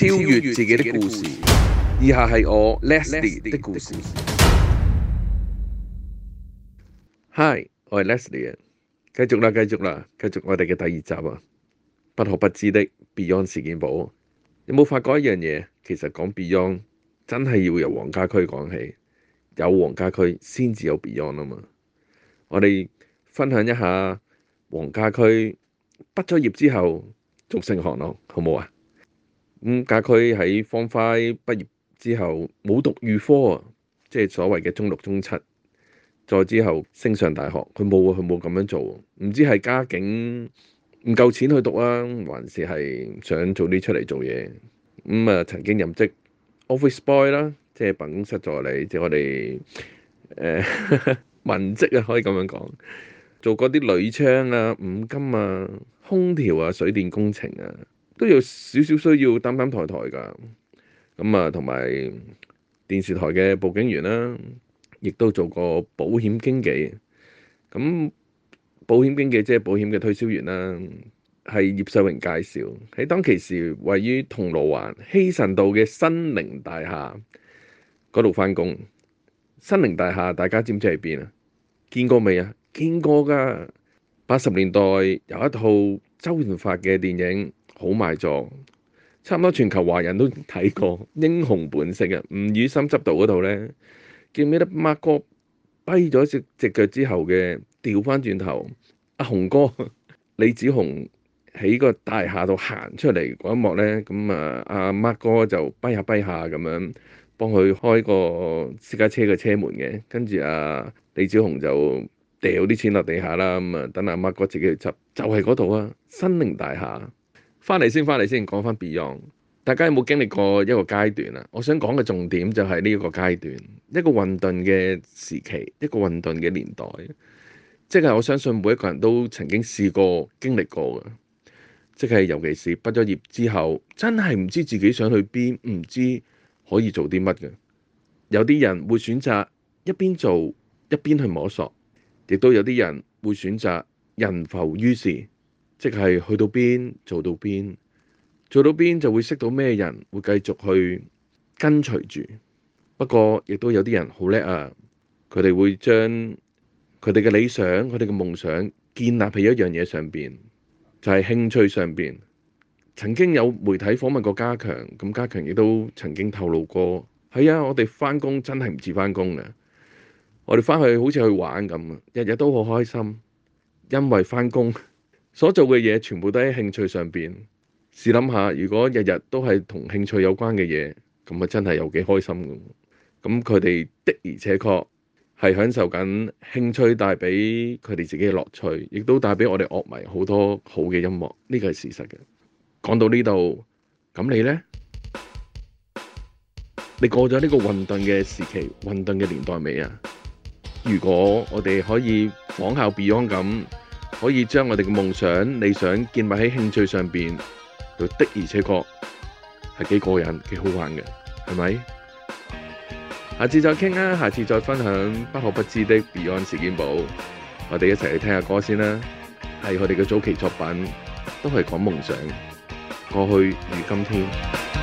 超越自己的故事，以下係我 Leslie 的故事。Hi，我係 Leslie。繼續啦，繼續啦，繼續我哋嘅第二集啊！不可不知的 Beyond 事件簿，有冇發覺一樣嘢？其實講 Beyond 真係要由黃家駒講起，有黃家駒先至有 Beyond 啊嘛！我哋分享一下黃家駒畢咗業之後做成行囉，好唔好啊？咁，大概喺方塊畢業之後冇讀預科啊，即係所謂嘅中六、中七，再之後升上大學，佢冇啊，佢冇咁樣做。唔知係家境唔夠錢去讀啊，還是係想早啲出嚟做嘢。咁啊，曾經任職 office boy 啦，即係辦公室助理，即係我哋誒 文職啊，可以咁樣講，做嗰啲鋁窗啊、五金啊、空調啊、水電工程啊。都有少少需要擔擔抬抬㗎，咁啊，同埋電視台嘅報警員啦、啊，亦都做過保險經紀。咁保險經紀即係保險嘅推銷員啦、啊，係葉世榮介紹喺當其時位於銅鑼灣希神道嘅新寧大廈嗰度翻工。新寧大廈大家知唔知喺邊啊？見過未啊？見過㗎。八十年代有一套周潤發嘅電影。好賣座，差唔多全球華人都睇過《英雄本色，啊 》嘅吳宇森執到嗰度咧，見唔見得？Mark 哥跛咗隻隻腳之後嘅調翻轉頭，阿紅哥李子雄喺個大廈度行出嚟嗰一幕咧，咁啊，啊、阿 Mark 哥就跛下跛下咁樣幫佢開個私家車嘅車門嘅，跟住啊，李子雄就掉啲錢落地下啦，咁啊，等阿 Mark 哥自己去執，就係嗰度啊，新寧大廈。翻嚟先，翻嚟先，講翻 Beyond，大家有冇經歷過一個階段啊？我想講嘅重點就係呢一個階段，一個混沌嘅時期，一個混沌嘅年代，即係我相信每一個人都曾經試過經歷過嘅，即係尤其是畢咗業之後，真係唔知自己想去邊，唔知可以做啲乜嘅。有啲人會選擇一邊做一邊去摸索，亦都有啲人會選擇人浮於事。即係去到邊做到邊做到邊就會識到咩人，會繼續去跟隨住。不過亦都有啲人好叻啊！佢哋會將佢哋嘅理想、佢哋嘅夢想建立喺一樣嘢上邊，就係興趣上邊。曾經有媒體訪問過家強，咁家強亦都曾經透露過：係啊，我哋返工真係唔似返工嘅，我哋返去好似去玩咁，日日都好開心，因為返工，所做嘅嘢全部都喺興趣上面。試諗下，如果日日都係同興趣有關嘅嘢，咁啊真係有幾開心咁。咁佢哋的而且確係享受緊興趣帶俾佢哋自己嘅樂趣，亦都帶俾我哋樂迷好多好嘅音樂。呢個係事實嘅。講到呢度，咁你呢？你過咗呢個混沌嘅時期、混沌嘅年代未啊？如果我哋可以仿效 Beyond 咁，可以將我哋嘅夢想、理想建立喺興趣上邊，又的而且確係幾過癮、幾好玩嘅，係咪？下次再傾啦、啊，下次再分享不可不知的《Beyond 事件簿》，我哋一齊去聽下歌先啦，係我哋嘅早期作品，都係講夢想，過去與今天。